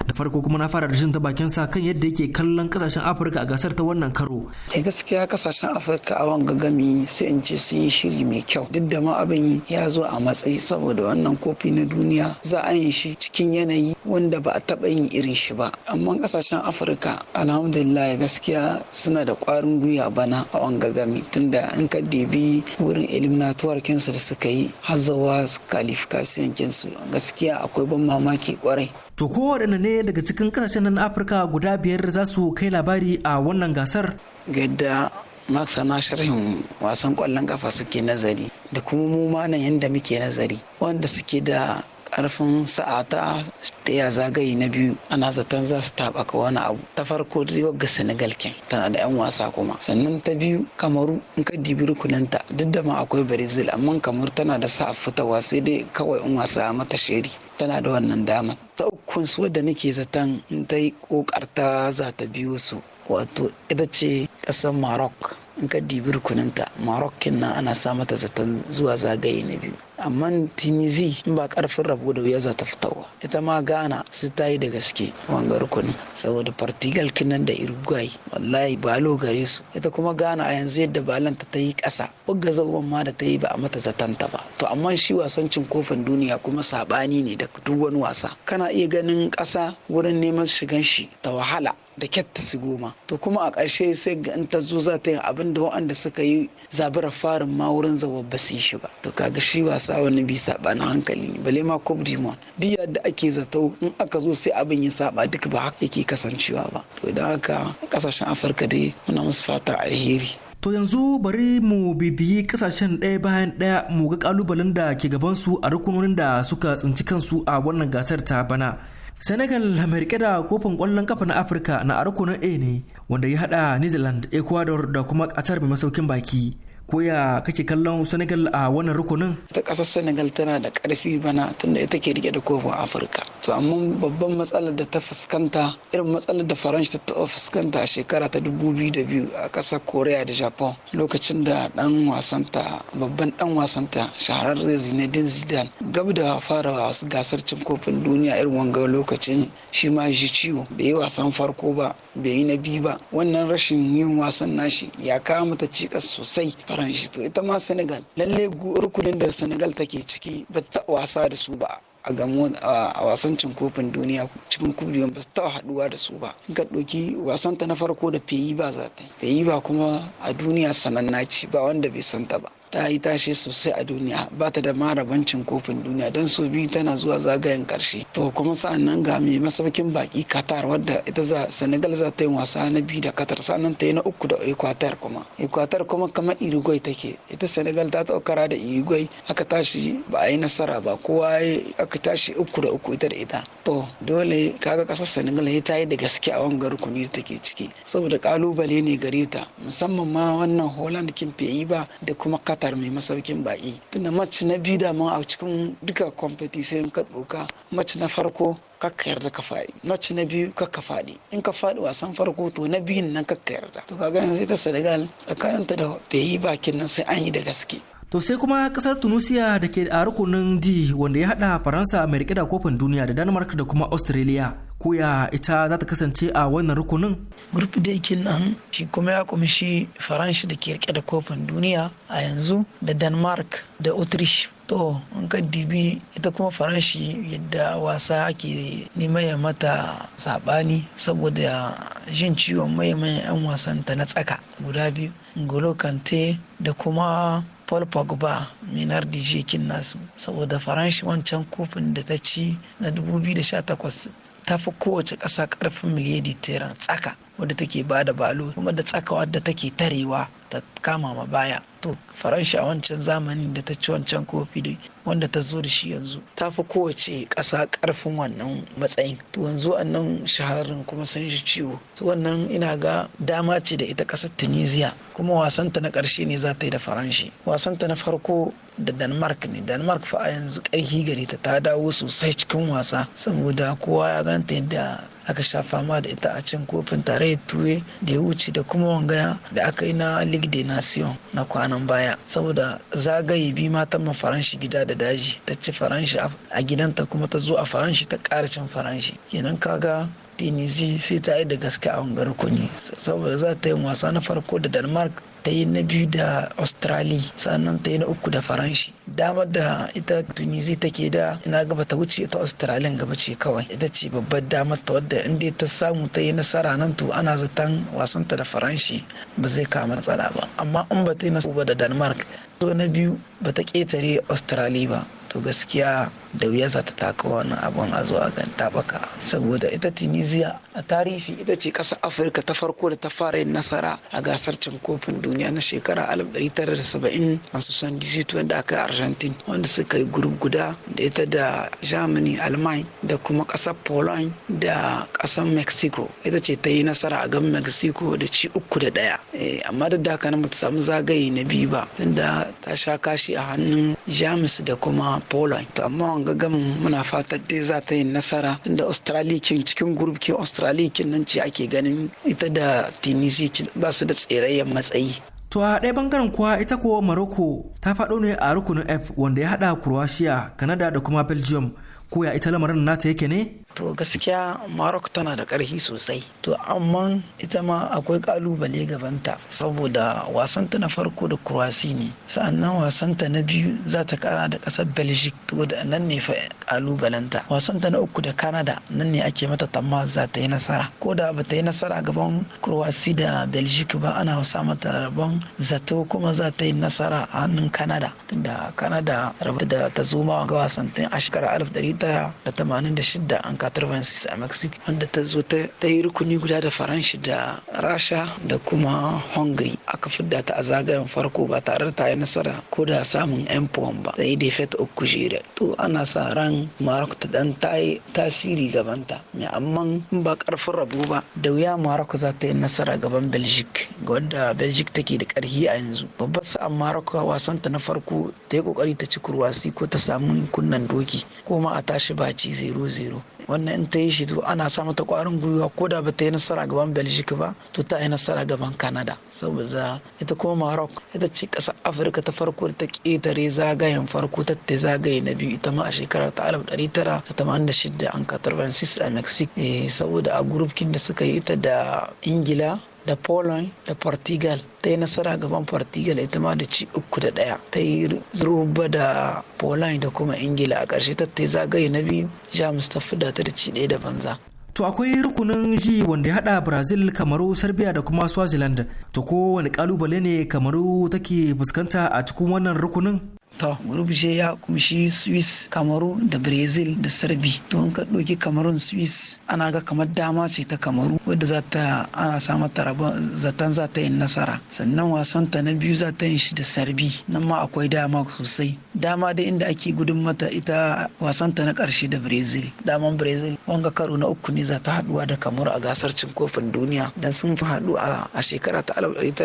da farko kuma na fara da jin bakin sa kan yadda yake kallon kasashen afirka a gasar ta wannan karo a eh, gaskiya kasashen afirka a wanga gami sai in ce sun yi shiri mai kyau duk da ma abin ya zo a matsayi saboda wannan kofi na duniya za a yi shi cikin yanayi wanda ba a taba yin irin shi ba amma kasashen afirka alhamdulillah gaskiya suna da kwarin gwiwa bana a wanga gami tunda an ka debi wurin eliminatuwar kinsu da suka yi hazawa su kalifikasiyon kinsu gaskiya akwai ban mamaki kwarai To ko waɗanda ne daga cikin ƙasashen nan Afirka guda biyar za su kai labari a wannan gasar? Gadda masana sharhin wasan ƙwallon ƙafa suke nazari da kuma mu ma nan yadda muke nazari wanda suke da karfin Sa'a ta ya zagaye na biyu ana zaton za su taɓaka wani abu ta farko dai ga senegal ken tana da yan wasa kuma sannan ta biyu kamaru in ka dibi rukunanta duk da ma akwai brazil amma kamar tana da sa'a fitawa sai dai kawai in wasa mata sheri tana da wannan dama ta uku su wadda nake zaton yi kokarta za ta biyo su wato ita ce ƙasar maroc in ka dibi rukuninta maroc kin nan ana sa mata zaton zuwa zagaye na biyu amma tunisi in ba karfin rabu da wuya za ta fitowa ita ma ghana su ta yi da gaske wanga rukuni saboda partigal kinan da uruguay wallahi balo gare su ita kuma ghana a yanzu yadda balan ta yi kasa ɓugga zauban ma da ta yi ba a mata zatanta ba to amma shi wasan cin kofin duniya kuma saɓani ne da duk wani wasa kana iya ganin kasa wurin neman shigan shi ta wahala da kyatta su goma to kuma a ƙarshe sai in ta zo za ta yi abin da waɗanda suka yi zabirar farin ma wurin zawa ba su yi shi ba to kaga shi wasan sa wani bi saba na hankali bale ma cop demon duk yadda ake zato in aka zo sai abin ya saba duk ba haka yake kasancewa ba to idan haka kasashen afirka dai muna musu fata alheri To yanzu bari mu bibiyi kasashen ɗaya bayan ɗaya mu ga kalubalen da ke gaban su a rukunonin da suka tsinci kansu a wannan gasar ta bana. Senegal mai da kofin kwallon kafa na Afirka na a rukunin A ne wanda ya hada New Zealand, Ecuador da kuma kasar mai masaukin baki. koya kake kallon senegal a wannan rukunin ta ƙasar senegal tana da ƙarfi bana tunda ita ke rike da kofin afirka to amma babban matsalar da ta fuskanta irin matsalar da faransh ta taɓa fuskanta a shekara ta 2002 a ƙasar korea da japan lokacin da ɗan wasanta babban ɗan wasanta shahararren zinedine zidane gab da fara wasu gasar cin kofin duniya irin wanga lokacin shi ma shi ciwo bai yi wasan farko ba bai yi na biyu ba wannan rashin yin wasan nashi ya kawo mata cikas sosai kwaran shi to ita ma senegal lalle rukunin da senegal take ciki ba ta wasa da su ba a gamo a wasan cin kofin duniya cikin kudiyon ba su taɓa haɗuwa da su ba ga ɗauki wasan ta na farko da peyi ba za ta yi peyi ba kuma a duniya sananna ce ba wanda bai santa ba ta yi tashe sosai a duniya ba ta da marabancin kofin duniya don so biyu tana zuwa zagayen karshe to kuma sa'an nan ga mai masaukin baki qatar wadda ita za senegal za ta yi wasa na biyu da qatar sannan ta yi na uku da ecuador kuma ecuador kuma kamar ta take ita senegal ta kara da Irigoyi aka tashi ba a yi nasara ba kowa aka tashi uku da uku ita da ita to dole kaga kasar senegal ya ta yi da gaske a wanga rukuni da take ciki saboda kalubale ne gare ta musamman ma wannan holland kin yi ba da kuma qatar qatar mai masaukin baki tunda match na biyu da a cikin duka competition ka doka match na farko kakka yarda ka faɗi match na biyu kakka faɗi in ka faɗi wasan farko to na biyun nan kakka yarda to kaga yanzu ta senegal tsakaninta da bai bakin nan sai an yi da gaske To sai kuma kasar Tunisia da ke a rukunin di wanda ya hada Faransa mai rike da kofin duniya da danmark da kuma Australia. koya ita za ta kasance a wannan rukunin gurbi da yake nan shi kuma ya kumshi faranshi da ke rike da kofin duniya a yanzu da denmark da autrish to in ka dibi ita kuma faranshi yadda wasa ake neman mata sabani saboda jin ciwon mayan 'yan wasanta na tsaka guda biyu ngolo kante da kuma paul pogba minar da nasu saboda faranshi wancan kofin da ta ci na 2018 ta fi kowace ƙasa ƙarfin miliyadi teran tsaka wadda take ba da balo kuma da tsakawa da take tarewa ta kama ma baya to faransha a wancan zamanin da ta ci wancan kofi wanda ta zo da shi yanzu ta fi kowace ƙasa ƙarfin wannan matsayin to yanzu annan shaharin kuma sun shi ciwo to wannan ina ga dama ce da ita ƙasar tunisia kuma wasanta na ƙarshe ne za ta yi da faranshi wasanta na farko da danmark ne danmark fa a yanzu ƙarfi gare ta ta dawo sosai cikin wasa saboda kowa ya ganta yadda aka sha fama da ita a cin kofin tarayyar tuwe da ya wuce da kuma wangaya da aka yi na ligue de nation na kwanan baya saboda zagaye bi ma ma faranshi gida da daji ta ci faranshi a gidanta kuma ta zo a faranshi ta ƙara cin faranshi kenan kaga tunisi sai ta yi da gaske a wangar kuni saboda za ta yi wasa na farko da denmark ta yi na biyu da australia sannan ta yi na uku da faranshi damar da ita tunisia take da ina gaba ta wuce ta australia gaba ce kawai ita ce babbar damar ta wadda inda ta samu ta yi nasara nan to ana zaton wasanta da faranshi ba zai kama tsala ba amma in ba ta yi nasara da denmark to na biyu ba ta ƙetare australia ba to gaskiya da wuyarsa ta taka wannan abin a zuwa gan tabaka saboda ita tunisia a tarihi ita ce ƙasar afirka ta farko da ta fara yin nasara a gasar cin kofin duniya na shekara 1970 masu san dc wanda aka yi argentine wanda suka yi gurub guda da ita da germany alman da kuma ƙasar poland da ƙasar mexico ita ce ta yi nasara a gan mexico da ci uku da ɗaya eh, amma duk da haka na ta samu zagaye na biyu ba tunda ta sha kashi a hannun jamus da kuma poland to amma wanga gamin muna fatan dai za ta yi nasara da australia kin cikin group kin australia kin nan ce ake ganin ita da tunisia ba su da tsirayyen matsayi To a ɗaya bangaren kuwa ita kuwa Morocco ta faɗo ne a rukunin F wanda ya haɗa Croatia, Canada da kuma Belgium. Ko ya ita lamarin nata yake ne? to gaskiya Maroc tana da ƙarfi sosai to amma ita ma akwai ƙalubale gabanta saboda wasanta na farko da kurwasi ne sa'annan wasanta na biyu za ta kara da ƙasar Beljik. to da nan ne fa ƙalubalenta wasanta na uku da Canada nan ne ake mata tamma za ta yi nasara ko da ba ta yi nasara gaban kurwasi da Beljik ba ana sa mata rabon zato kuma za ta yi nasara a hannun Canada tunda Canada rabu da ta zo ma ga wasantin a shekarar 1986 an francis a mexico wanda ta zo ta yi rukuni guda da faranshi da rasha da kuma hungary aka fidda ta a zagayen farko ba tare da ta yi nasara ko da samun yan puan ba sai dai fet uku jere to ana sa ran Maroc ta dan ta yi tasiri gabanta mai amma ba karfin rabo ba da wuya maroc za ta yi nasara gaban belgic ga wadda belgic take da karhi a yanzu babbar sa'an wasan wasanta na farko ta yi kokari ta ci kurwasi ko ta samu kunnan doki ko ma a tashi baci 0-0 wannan in ta yi shi to ana sa mata kwarin gwiwa ko da ba ta yi nasara gaban belgium ba to ta yi nasara gaban canada saboda ita kuma maroc ita ce ƙasar afirka ta farko da ta ƙetare zagayen farko ta ta zagaye na biyu ita ma a shekarar ta alif ɗari tara da tamanin da shida an katar a mexico eh, saboda a gurufkin da suka yi ita da ingila da poland da portugal ta yi nasara gaban portugal ita ma da ci uku da daya ta yi zuruba da poland da kuma ingila a ƙarshe ta ta zagaye na biyu jamus ta da ta da ci ɗaya da banza To akwai rukunin ji wanda ya haɗa Brazil, Kamaru, Serbia da kuma Swaziland. To kowane kalubale ne Kamaru take fuskanta a cikin wannan rukunin? to group je ya kumshi swiss kamaru da brazil da serbi in ka doki kamarun swiss ana ga kamar dama ce ta kamaru wadda za ta ana samun taraba zaton za ta yi nasara sannan wasan ta na biyu za ta yi shi da serbi nan ma akwai dama sosai dama da inda ake gudun mata ita wasan ta na karshe da brazil daman brazil wanga karo na uku ne za ta haduwa da kamaru a gasar cin kofin duniya dan sun fi hadu a shekara ta alif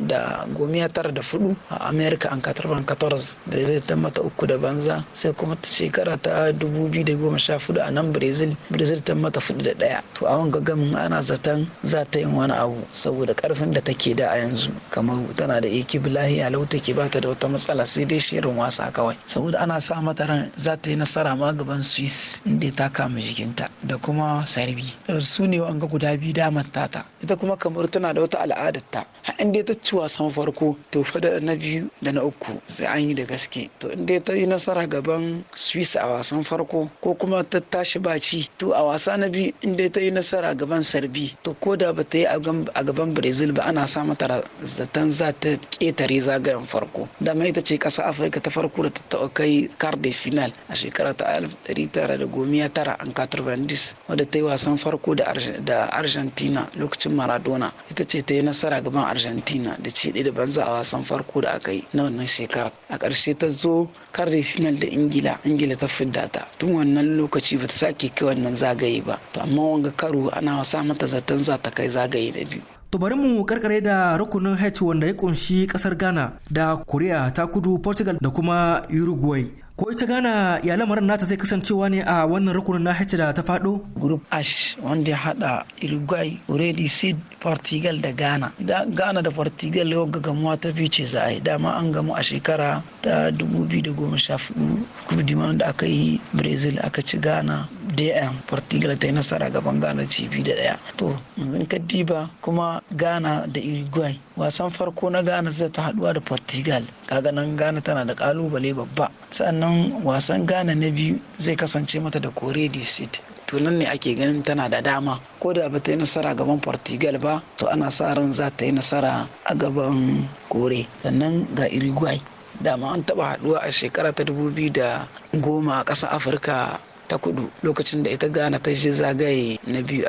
da gomiya tara da fudu a america an katar stars da zai ta mata uku da banza sai kuma ta shekara ta 2014 a nan brazil brazil ta mata fudu da daya to a wanga gamin ana zaton za ta yin wani abu saboda karfin da take da a yanzu kamar tana da ekip lahiya lau take ba ta da wata matsala sai dai shirin wasa kawai saboda ana sa mata ran za ta yi nasara ma gaban swiss inda ta kama jikinta da kuma sarbi su ne wanga guda biyu damar tata ita kuma kamar tana da wata al'adarta har inda ta ci wasan farko to fada na biyu da na uku sai an yi da gaske to inda ta yi nasara gaban swiss a wasan farko ko kuma ta tashi baci to a wasa na biyu in dai ta yi nasara gaban sarbi to ko da ba ta yi a gaban brazil ba ana sa mata zaton za ta ketare zagayen farko dama ita ce ƙasa afirka ta farko da ta taɓa kai kar da final a shekara ta 1909 an katarvandis wadda ta yi wasan farko da argentina lokacin maradona ita ce ta yi nasara gaban argentina da ce da banza a wasan farko da aka yi na wannan shekara a a ƙarshe ta zo kan final da ingila ingila ta fidda ta tun wannan lokaci ba ta sake kai wannan zagaye ba to amma wanga karo ana sa mata zaton za ta kai zagaye da biyu To bari mu karkare da rukunin H wanda ya kunshi kasar Ghana da Korea ta kudu Portugal da kuma Uruguay. ko ita gana ya lamarin nata zai kasancewa ne a wannan rukunin na da ta fado group ash wanda ya hada uruguay already seed portugal da ghana da ghana da portugal yau ga gamuwa ta fi ce za a yi dama an gamu a shekara ta 2014 kuma da aka yi brazil aka ci ghana dm portugal ta yi nasara gaban ghana cibi da daya to in ka kuma ghana da uruguay wasan farko na ghana zai ta haduwa da portugal kaga nan ghana tana da kalubale babba sannan wasan ghana na biyu zai kasance mata da kore di sud to nan ne ake ganin tana da dama ko da ba ta yi nasara gaban portugal ba to ana sa ran za ta yi nasara a gaban kore sannan ga uruguay dama an taba haduwa a shekara ta dubu biyu da goma a ƙasar afirka ta kudu lokacin da ita ghana ta je zagaye na biyu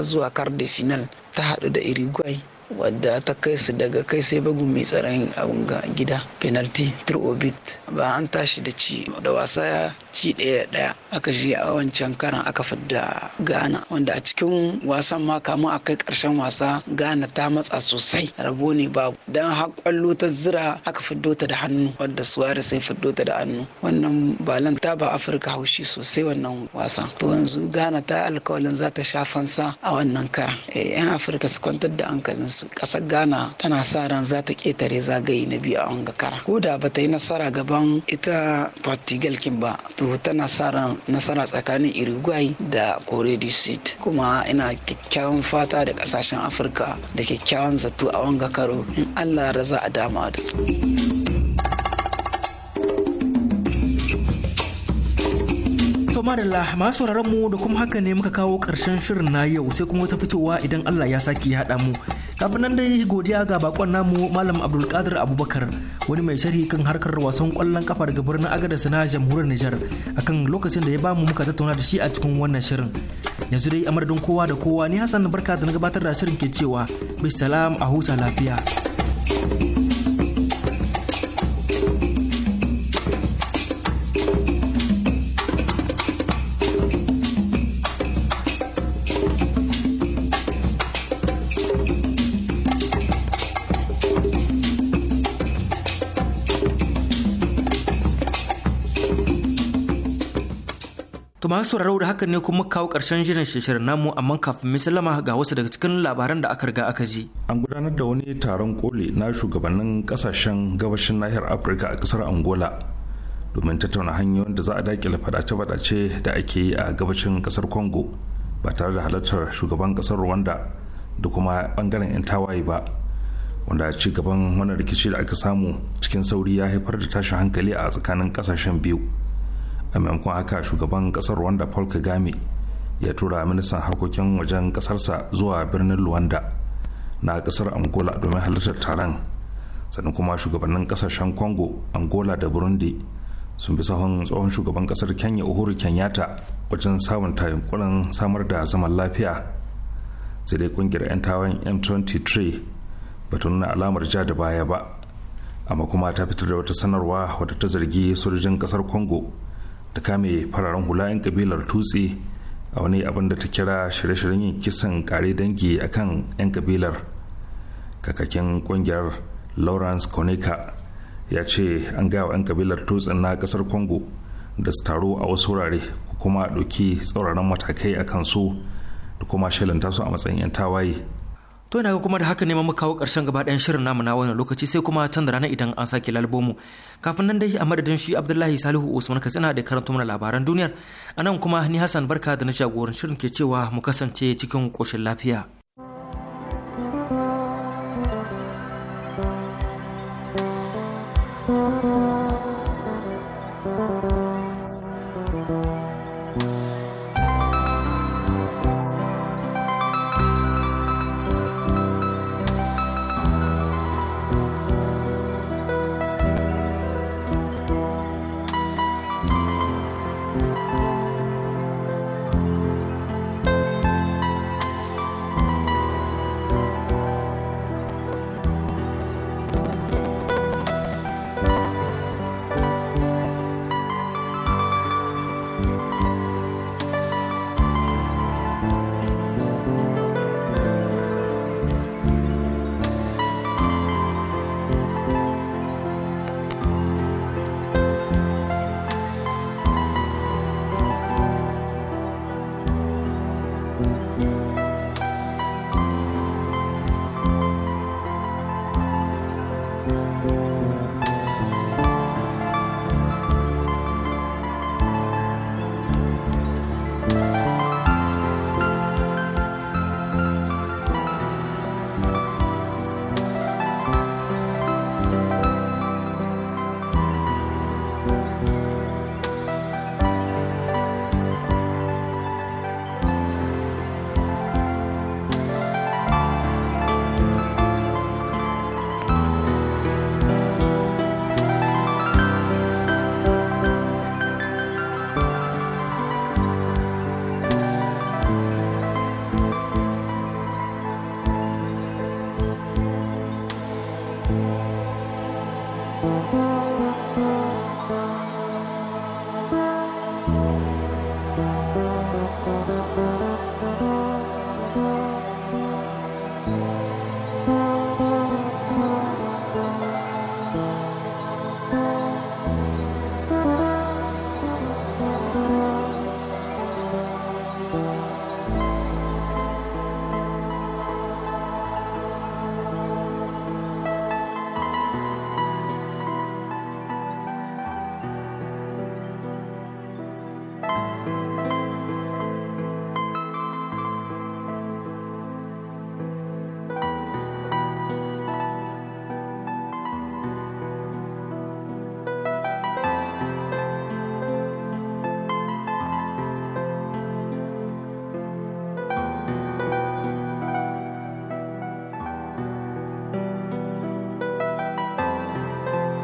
zuwa kar da final ta hadu da uruguay wadda ta kai su daga kai sai bagu mai tsaron abun ga gida penalty obit ba an tashi da ci da wasa ci ɗaya ɗaya aka je a wancan karan aka fadda ghana wanda a cikin wasan ma kamu a kai karshen wasa ghana ta matsa sosai rabo ne babu don har kwallo ta zira aka fiddo ta da hannu wadda Suwari sai fiddo ta da hannu wannan balan ta ba afirka haushi sosai wannan wasa to yanzu ghana ta alkawalin za ta sha fansa a wannan kara eh, 'yan afirka su kwantar da hankalinsu kasar ghana tana sa ran za ta ketare zagaye na biyu a wanga kara ko da ba ta yi nasara gaban ita portugal kin ba to tana sa ran nasara tsakanin uruguay da kore du sud kuma ina kyakkyawan fata da kasashen afirka da kyakkyawan zato a wanga karo in allah raza a dama da su madalla masu mu da kuma haka ne muka kawo karshen shirin na yau sai kuma wata fitowa idan Allah ya saki haɗa mu. Kafin nan dai godiya ga bakon namu Malam Abdulkadir Abubakar wani mai sharhi kan harkar wasan kwallon kafa daga birnin Agadez na jamhuriyar Nijar akan lokacin da ya bamu muka tattauna da shi a cikin wannan shirin. Yanzu dai a madadin kowa da kowa ni Hassan barka da na gabatar da shirin ke cewa bisalam a huta lafiya. ga masu sauraro da hakan ne kuma kawo karshen jiran shirin namu amma kafin mai sallama ga wasu daga cikin labaran da aka riga aka ji. An gudanar da wani taron koli na shugabannin kasashen gabashin nahiyar Afirka a kasar Angola domin tattauna hanyoyin da za a dakile fadace-fadace da ake yi a gabashin kasar Congo ba tare da halartar shugaban kasar Rwanda da kuma bangaren 'yan tawaye ba. Wanda ci gaban wannan rikici da aka samu cikin sauri ya haifar da tashin hankali a tsakanin kasashen biyu. a maimakon haka shugaban kasar rwanda paul kagame ya tura ministan harkokin wajen kasarsa zuwa birnin luwanda na kasar angola domin halartar taron sannan kuma shugabannin kasashen congo angola da burundi sun bi sahun tsohon shugaban kasar kenya uhuru kenyatta wajen sabunta yunkurin samar da zaman lafiya sai dai kungiyar 'yan tawon m23 ba ta nuna alamar ja da baya ba amma kuma ta fitar da wata sanarwa wadda ta zargi sojojin kasar congo da kame fararen hula 'yan kabilar tutsi a wani abin da ta kira shirye-shiryen yin kisan kare dangi a kan 'yan kabilar kakakin kungiyar lawrence koneka ya ce an gaya wa 'yan kabilar tutsin na kasar congo da su taro a wasu wurare kuma ɗauki tsauraran matakai a kansu da kuma shalanta su a matsayin 'yan tawaye To yana ga kuma da haka ne mu kawo ƙarshen gaba ɗayan shirin namu na wannan lokaci sai kuma can da rana idan an sake lalbomu. Kafin nan dai a madadin shi Abdullahi Salihu Usman Katsina da karanto mana labaran duniyar. A nan kuma ni Hassan Barka da na jagoran shirin ke cewa mu kasance cikin ƙoshin lafiya.